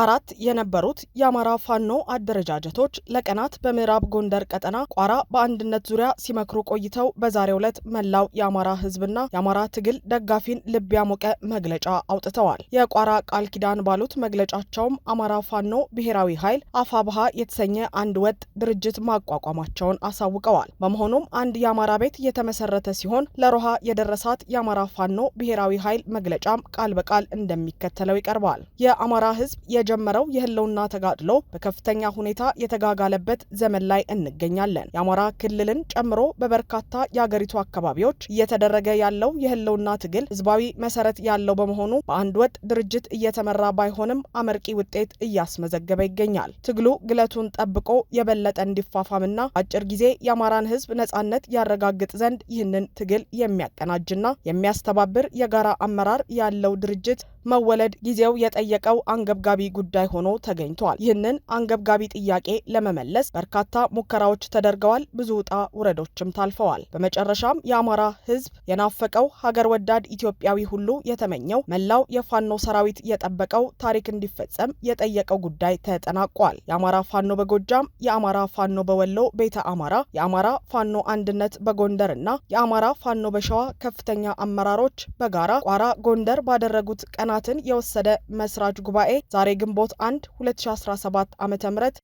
አራት የነበሩት የአማራ ፋኖ አደረጃጀቶች ለቀናት በምዕራብ ጎንደር ቀጠና ቋራ በአንድነት ዙሪያ ሲመክሩ ቆይተው በዛሬው ዕለት መላው የአማራ ህዝብና የአማራ ትግል ደጋፊን ልብ ያሞቀ መግለጫ አውጥተዋል። የቋራ ቃል ኪዳን ባሉት መግለጫቸውም አማራ ፋኖ ብሔራዊ ኃይል አፋብሃ የተሰኘ አንድ ወጥ ድርጅት ማቋቋማቸውን አሳውቀዋል። በመሆኑም አንድ የአማራ ቤት የተመሰረተ ሲሆን ለሮሃ የደረሳት የአማራ ፋኖ ብሔራዊ ኃይል መግለጫም ቃል በቃል እንደሚከተለው ይቀርባል። የአማራ ህዝብ የተጀመረው የህልውና ተጋድሎ በከፍተኛ ሁኔታ የተጋጋለበት ዘመን ላይ እንገኛለን። የአማራ ክልልን ጨምሮ በበርካታ የአገሪቱ አካባቢዎች እየተደረገ ያለው የህልውና ትግል ህዝባዊ መሰረት ያለው በመሆኑ በአንድ ወጥ ድርጅት እየተመራ ባይሆንም አመርቂ ውጤት እያስመዘገበ ይገኛል። ትግሉ ግለቱን ጠብቆ የበለጠ እንዲፋፋምና አጭር ጊዜ የአማራን ህዝብ ነጻነት ያረጋግጥ ዘንድ ይህንን ትግል የሚያቀናጅና የሚያስተባብር የጋራ አመራር ያለው ድርጅት መወለድ ጊዜው የጠየቀው አንገብጋቢ ጉዳይ ሆኖ ተገኝቷል። ይህንን አንገብጋቢ ጥያቄ ለመመለስ በርካታ ሙከራዎች ተደርገዋል። ብዙ ውጣ ውረዶችም ታልፈዋል። በመጨረሻም የአማራ ሕዝብ የናፈቀው ሀገር ወዳድ ኢትዮጵያዊ ሁሉ የተመኘው መላው የፋኖ ሰራዊት የጠበቀው ታሪክ እንዲፈጸም የጠየቀው ጉዳይ ተጠናቋል። የአማራ ፋኖ በጎጃም፣ የአማራ ፋኖ በወሎ ቤተ አማራ፣ የአማራ ፋኖ አንድነት በጎንደር እና የአማራ ፋኖ በሸዋ ከፍተኛ አመራሮች በጋራ ቋራ ጎንደር ባደረጉት ቀና ጥናትን የወሰደ መስራች ጉባኤ ዛሬ ግንቦት 1 2017 ዓ ም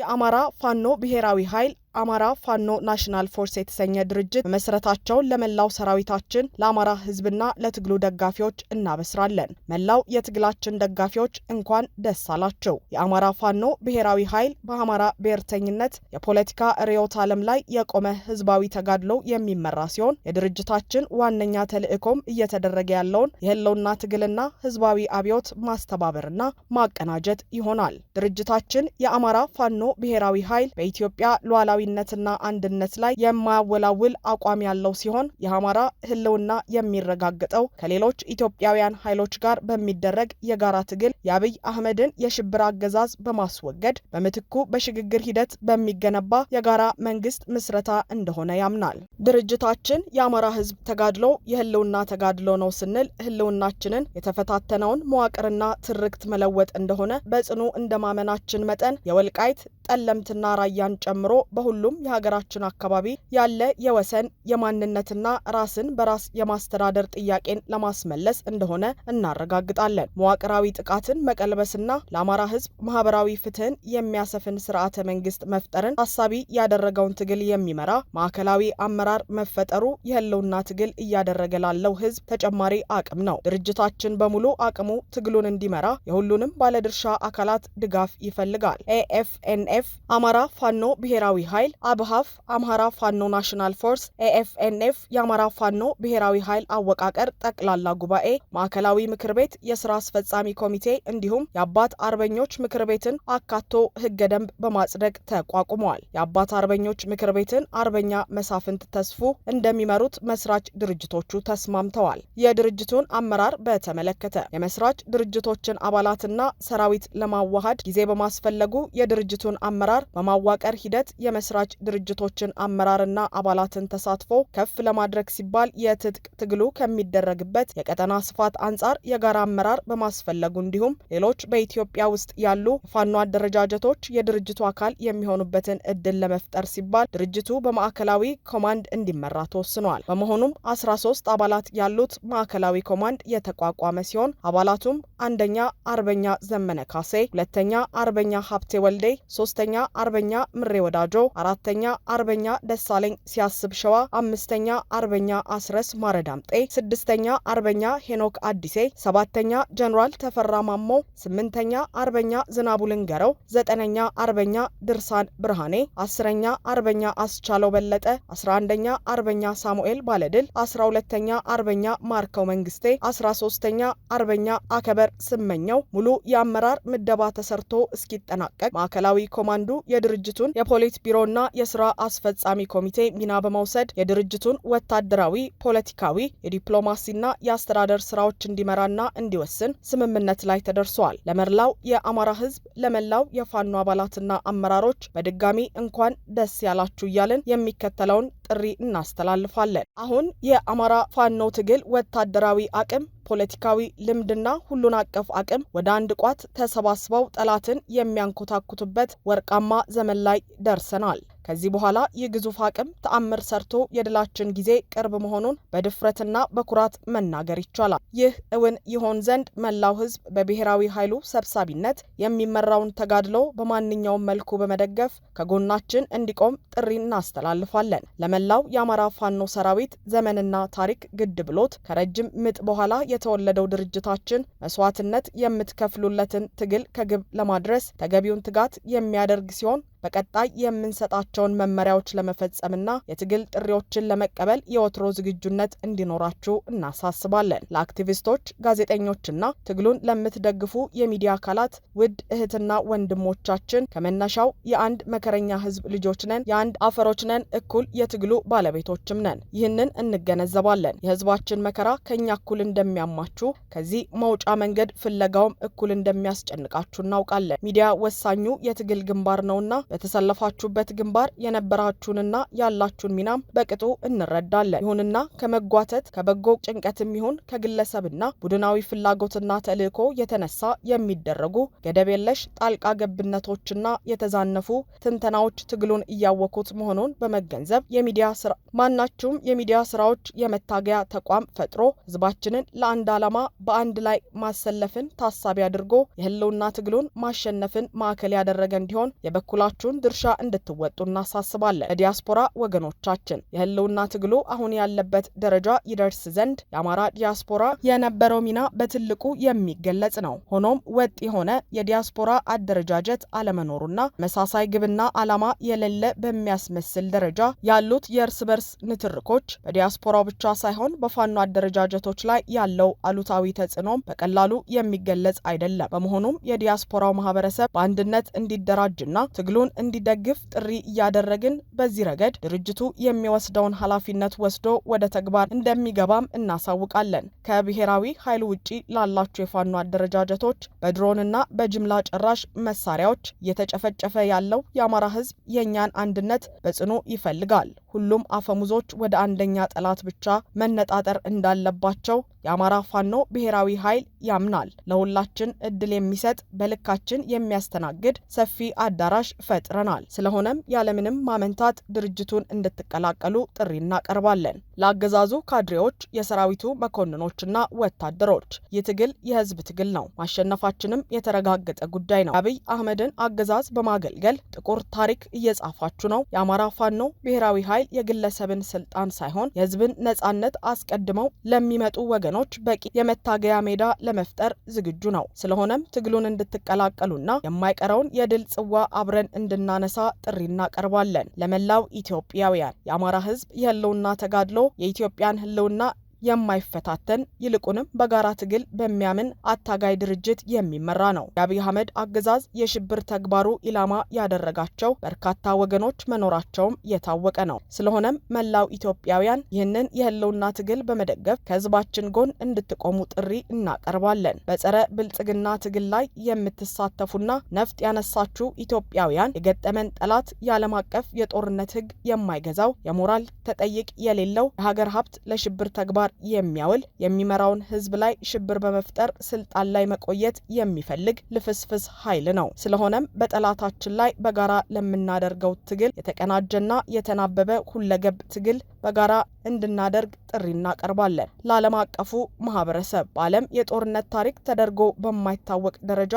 የአማራ ፋኖ ብሔራዊ ኃይል አማራ ፋኖ ናሽናል ፎርስ የተሰኘ ድርጅት መመስረታቸውን ለመላው ሰራዊታችን ለአማራ ህዝብና ለትግሉ ደጋፊዎች እናበስራለን። መላው የትግላችን ደጋፊዎች እንኳን ደስ አላቸው። የአማራ ፋኖ ብሔራዊ ኃይል በአማራ ብሔርተኝነት የፖለቲካ ርዕዮተ ዓለም ላይ የቆመ ህዝባዊ ተጋድሎ የሚመራ ሲሆን የድርጅታችን ዋነኛ ተልዕኮም እየተደረገ ያለውን የህልውና ትግልና ህዝባዊ አብዮት ማስተባበርና ማቀናጀት ይሆናል። ድርጅታችን የአማራ ፋኖ ብሔራዊ ኃይል በኢትዮጵያ ሉዓላዊ ሉዓላዊነትና አንድነት ላይ የማያወላውል አቋም ያለው ሲሆን የአማራ ህልውና የሚረጋገጠው ከሌሎች ኢትዮጵያውያን ኃይሎች ጋር በሚደረግ የጋራ ትግል የአብይ አህመድን የሽብር አገዛዝ በማስወገድ በምትኩ በሽግግር ሂደት በሚገነባ የጋራ መንግስት ምስረታ እንደሆነ ያምናል። ድርጅታችን የአማራ ህዝብ ተጋድሎ የህልውና ተጋድሎ ነው ስንል ህልውናችንን የተፈታተነውን መዋቅርና ትርክት መለወጥ እንደሆነ በጽኑ እንደማመናችን መጠን የወልቃይት ጠለምትና ራያን ጨምሮ በ በሁሉም የሀገራችን አካባቢ ያለ የወሰን የማንነትና ራስን በራስ የማስተዳደር ጥያቄን ለማስመለስ እንደሆነ እናረጋግጣለን። መዋቅራዊ ጥቃትን መቀልበስና ለአማራ ሕዝብ ማህበራዊ ፍትህን የሚያሰፍን ስርዓተ መንግስት መፍጠርን ታሳቢ ያደረገውን ትግል የሚመራ ማዕከላዊ አመራር መፈጠሩ የህልውና ትግል እያደረገ ላለው ሕዝብ ተጨማሪ አቅም ነው። ድርጅታችን በሙሉ አቅሙ ትግሉን እንዲመራ የሁሉንም ባለድርሻ አካላት ድጋፍ ይፈልጋል። ኤኤፍኤንኤፍ አማራ ፋኖ ብሔራዊ ኃይል አብሃፍ፣ አምሃራ ፋኖ ናሽናል ፎርስ፣ ኤኤፍኤንኤፍ፣ የአማራ ፋኖ ብሔራዊ ኃይል አወቃቀር ጠቅላላ ጉባኤ፣ ማዕከላዊ ምክር ቤት፣ የስራ አስፈጻሚ ኮሚቴ እንዲሁም የአባት አርበኞች ምክር ቤትን አካቶ ህገ ደንብ በማጽደቅ ተቋቁመዋል። የአባት አርበኞች ምክር ቤትን አርበኛ መሳፍንት ተስፉ እንደሚመሩት መስራች ድርጅቶቹ ተስማምተዋል። የድርጅቱን አመራር በተመለከተ የመስራች ድርጅቶችን አባላትና ሰራዊት ለማዋሃድ ጊዜ በማስፈለጉ የድርጅቱን አመራር በማዋቀር ሂደት የመስ መስራች ድርጅቶችን አመራርና አባላትን ተሳትፎ ከፍ ለማድረግ ሲባል የትጥቅ ትግሉ ከሚደረግበት የቀጠና ስፋት አንጻር የጋራ አመራር በማስፈለጉ እንዲሁም ሌሎች በኢትዮጵያ ውስጥ ያሉ የፋኖ አደረጃጀቶች የድርጅቱ አካል የሚሆኑበትን እድል ለመፍጠር ሲባል ድርጅቱ በማዕከላዊ ኮማንድ እንዲመራ ተወስኗል። በመሆኑም አስራ ሶስት አባላት ያሉት ማዕከላዊ ኮማንድ የተቋቋመ ሲሆን አባላቱም አንደኛ አርበኛ ዘመነ ካሴ፣ ሁለተኛ አርበኛ ሀብቴ ወልዴ፣ ሶስተኛ አርበኛ ምሬ ወዳጆ፣ አራተኛ አርበኛ ደሳለኝ ሲያስብ ሸዋ፣ አምስተኛ አርበኛ አስረስ ማረዳምጤ፣ ስድስተኛ አርበኛ ሄኖክ አዲሴ፣ ሰባተኛ ጀኔራል ተፈራ ማሞ፣ ስምንተኛ አርበኛ ዝናቡ ልንገረው፣ ዘጠነኛ አርበኛ ድርሳን ብርሃኔ፣ አስረኛ አርበኛ አስቻለው በለጠ፣ አስራ አንደኛ አርበኛ ሳሙኤል ባለድል፣ አስራ ሁለተኛ አርበኛ ማርከው መንግስቴ፣ አስራ ሶስተኛ አርበኛ አከበር ስመኘው። ሙሉ የአመራር ምደባ ተሰርቶ እስኪጠናቀቅ ማዕከላዊ ኮማንዱ የድርጅቱን የፖሊት ቢሮ የቦርዶና የስራ አስፈጻሚ ኮሚቴ ሚና በመውሰድ የድርጅቱን ወታደራዊ፣ ፖለቲካዊ፣ የዲፕሎማሲና የአስተዳደር ስራዎች እንዲመራና እንዲወስን ስምምነት ላይ ተደርሷል። ለመላው የአማራ ህዝብ፣ ለመላው የፋኖ አባላትና አመራሮች በድጋሚ እንኳን ደስ ያላችሁ እያልን የሚከተለውን ጥሪ እናስተላልፋለን። አሁን የአማራ ፋኖ ትግል ወታደራዊ አቅም ፖለቲካዊ ልምድና ሁሉን አቀፍ አቅም ወደ አንድ ቋት ተሰባስበው ጠላትን የሚያንኮታኩቱበት ወርቃማ ዘመን ላይ ደርሰናል። ከዚህ በኋላ ይህ ግዙፍ አቅም ተአምር ሰርቶ የድላችን ጊዜ ቅርብ መሆኑን በድፍረትና በኩራት መናገር ይቻላል። ይህ እውን ይሆን ዘንድ መላው ሕዝብ በብሔራዊ ኃይሉ ሰብሳቢነት የሚመራውን ተጋድሎ በማንኛውም መልኩ በመደገፍ ከጎናችን እንዲቆም ጥሪ እናስተላልፋለን። ለመላው የአማራ ፋኖ ሰራዊት ዘመንና ታሪክ ግድ ብሎት ከረጅም ምጥ በኋላ የተወለደው ድርጅታችን መስዋዕትነት የምትከፍሉለትን ትግል ከግብ ለማድረስ ተገቢውን ትጋት የሚያደርግ ሲሆን በቀጣይ የምንሰጣቸውን መመሪያዎች ለመፈጸምና የትግል ጥሪዎችን ለመቀበል የወትሮ ዝግጁነት እንዲኖራችሁ እናሳስባለን። ለአክቲቪስቶች፣ ጋዜጠኞችና ትግሉን ለምትደግፉ የሚዲያ አካላት ውድ እህትና ወንድሞቻችን ከመነሻው የአንድ መከረኛ ህዝብ ልጆች ነን፣ የአንድ አፈሮች ነን፣ እኩል የትግሉ ባለቤቶችም ነን። ይህንን እንገነዘባለን። የህዝባችን መከራ ከእኛ እኩል እንደሚያማችሁ፣ ከዚህ መውጫ መንገድ ፍለጋውም እኩል እንደሚያስጨንቃችሁ እናውቃለን። ሚዲያ ወሳኙ የትግል ግንባር ነውና በተሰለፋችሁበት ግንባር የነበራችሁንና ያላችሁን ሚናም በቅጡ እንረዳለን። ይሁንና ከመጓተት ከበጎ ጭንቀትም ይሁን ከግለሰብና ቡድናዊ ፍላጎትና ተልዕኮ የተነሳ የሚደረጉ ገደብ የለሽ ጣልቃ ገብነቶችና የተዛነፉ ትንተናዎች ትግሉን እያወኩት መሆኑን በመገንዘብ የሚዲያ ስራ ማናችሁም የሚዲያ ስራዎች የመታገያ ተቋም ፈጥሮ ህዝባችንን ለአንድ ዓላማ በአንድ ላይ ማሰለፍን ታሳቢ አድርጎ የህልውና ትግሉን ማሸነፍን ማዕከል ያደረገ እንዲሆን የበኩላ የበኩላችሁን ድርሻ እንድትወጡ እናሳስባለን። ለዲያስፖራ ወገኖቻችን የህልውና ትግሉ አሁን ያለበት ደረጃ ይደርስ ዘንድ የአማራ ዲያስፖራ የነበረው ሚና በትልቁ የሚገለጽ ነው። ሆኖም ወጥ የሆነ የዲያስፖራ አደረጃጀት አለመኖሩና መሳሳይ ግብና ዓላማ የሌለ በሚያስመስል ደረጃ ያሉት የእርስ በርስ ንትርኮች በዲያስፖራው ብቻ ሳይሆን በፋኖ አደረጃጀቶች ላይ ያለው አሉታዊ ተጽዕኖም በቀላሉ የሚገለጽ አይደለም። በመሆኑም የዲያስፖራው ማህበረሰብ በአንድነት እንዲደራጅና ትግሉን ድርጅቱን እንዲደግፍ ጥሪ እያደረግን በዚህ ረገድ ድርጅቱ የሚወስደውን ኃላፊነት ወስዶ ወደ ተግባር እንደሚገባም እናሳውቃለን። ከብሔራዊ ኃይል ውጪ ላላቸው የፋኖ አደረጃጀቶች በድሮንና በጅምላ ጨራሽ መሳሪያዎች እየተጨፈጨፈ ያለው የአማራ ህዝብ የእኛን አንድነት በጽኑ ይፈልጋል። ሁሉም አፈሙዞች ወደ አንደኛ ጠላት ብቻ መነጣጠር እንዳለባቸው የአማራ ፋኖ ብሔራዊ ኃይል ያምናል። ለሁላችን እድል የሚሰጥ በልካችን የሚያስተናግድ ሰፊ አዳራሽ ፈጥረናል። ስለሆነም ያለምንም ማመንታት ድርጅቱን እንድትቀላቀሉ ጥሪ እናቀርባለን። ለአገዛዙ ካድሬዎች፣ የሰራዊቱ መኮንኖችና ወታደሮች ይህ ትግል የህዝብ ትግል ነው። ማሸነፋችንም የተረጋገጠ ጉዳይ ነው። አብይ አህመድን አገዛዝ በማገልገል ጥቁር ታሪክ እየጻፋችሁ ነው። የአማራ ፋኖ ብሔራዊ ኃይል ኃይል የግለሰብን ስልጣን ሳይሆን የህዝብን ነጻነት አስቀድመው ለሚመጡ ወገኖች በቂ የመታገያ ሜዳ ለመፍጠር ዝግጁ ነው። ስለሆነም ትግሉን እንድትቀላቀሉና የማይቀረውን የድል ጽዋ አብረን እንድናነሳ ጥሪ እናቀርባለን። ለመላው ኢትዮጵያውያን የአማራ ህዝብ የህልውና ተጋድሎ የኢትዮጵያን ህልውና የማይፈታተን ይልቁንም በጋራ ትግል በሚያምን አታጋይ ድርጅት የሚመራ ነው። የአብይ አህመድ አገዛዝ የሽብር ተግባሩ ኢላማ ያደረጋቸው በርካታ ወገኖች መኖራቸውም የታወቀ ነው። ስለሆነም መላው ኢትዮጵያውያን ይህንን የህልውና ትግል በመደገፍ ከህዝባችን ጎን እንድትቆሙ ጥሪ እናቀርባለን። በጸረ ብልጽግና ትግል ላይ የምትሳተፉና ነፍጥ ያነሳችሁ ኢትዮጵያውያን የገጠመን ጠላት የዓለም አቀፍ የጦርነት ህግ የማይገዛው የሞራል ተጠይቅ የሌለው የሀገር ሀብት ለሽብር ተግባር ተግባር የሚያውል የሚመራውን ህዝብ ላይ ሽብር በመፍጠር ስልጣን ላይ መቆየት የሚፈልግ ልፍስፍስ ኃይል ነው። ስለሆነም በጠላታችን ላይ በጋራ ለምናደርገው ትግል የተቀናጀና የተናበበ ሁለገብ ትግል በጋራ እንድናደርግ ጥሪ እናቀርባለን። ለዓለም አቀፉ ማህበረሰብ በዓለም የጦርነት ታሪክ ተደርጎ በማይታወቅ ደረጃ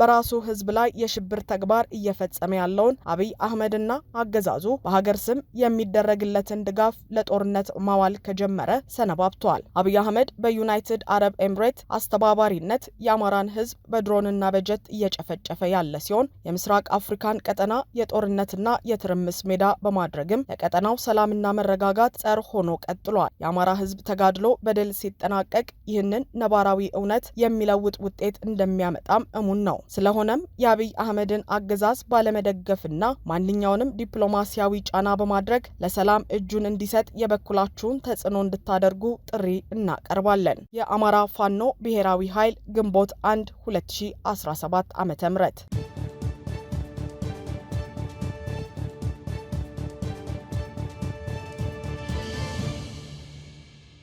በራሱ ህዝብ ላይ የሽብር ተግባር እየፈጸመ ያለውን አብይ አህመድና አገዛዙ በሀገር ስም የሚደረግለትን ድጋፍ ለጦርነት ማዋል ከጀመረ ሰነባብቷል። አብይ አህመድ በዩናይትድ አረብ ኤምሬት አስተባባሪነት የአማራን ህዝብ በድሮንና በጀት እየጨፈጨፈ ያለ ሲሆን የምስራቅ አፍሪካን ቀጠና የጦርነትና የትርምስ ሜዳ በማድረግም ለቀጠናው ሰላምና መረጋጋት ጸር ሆኖ ቀጥሏል። የአማራ ህዝብ ተጋድሎ በድል ሲጠናቀቅ ይህንን ነባራዊ እውነት የሚለውጥ ውጤት እንደሚያመጣም እሙን ነው። ስለሆነም የአብይ አህመድን አገዛዝ ባለመደገፍና ማንኛውንም ዲፕሎማሲያዊ ጫና በማድረግ ለሰላም እጁን እንዲሰጥ የበኩላችሁን ተጽዕኖ እንድታደርጉ ጥሪ እናቀርባለን። የአማራ ፋኖ ብሔራዊ ኃይል ግንቦት 1 2017 ዓ.ም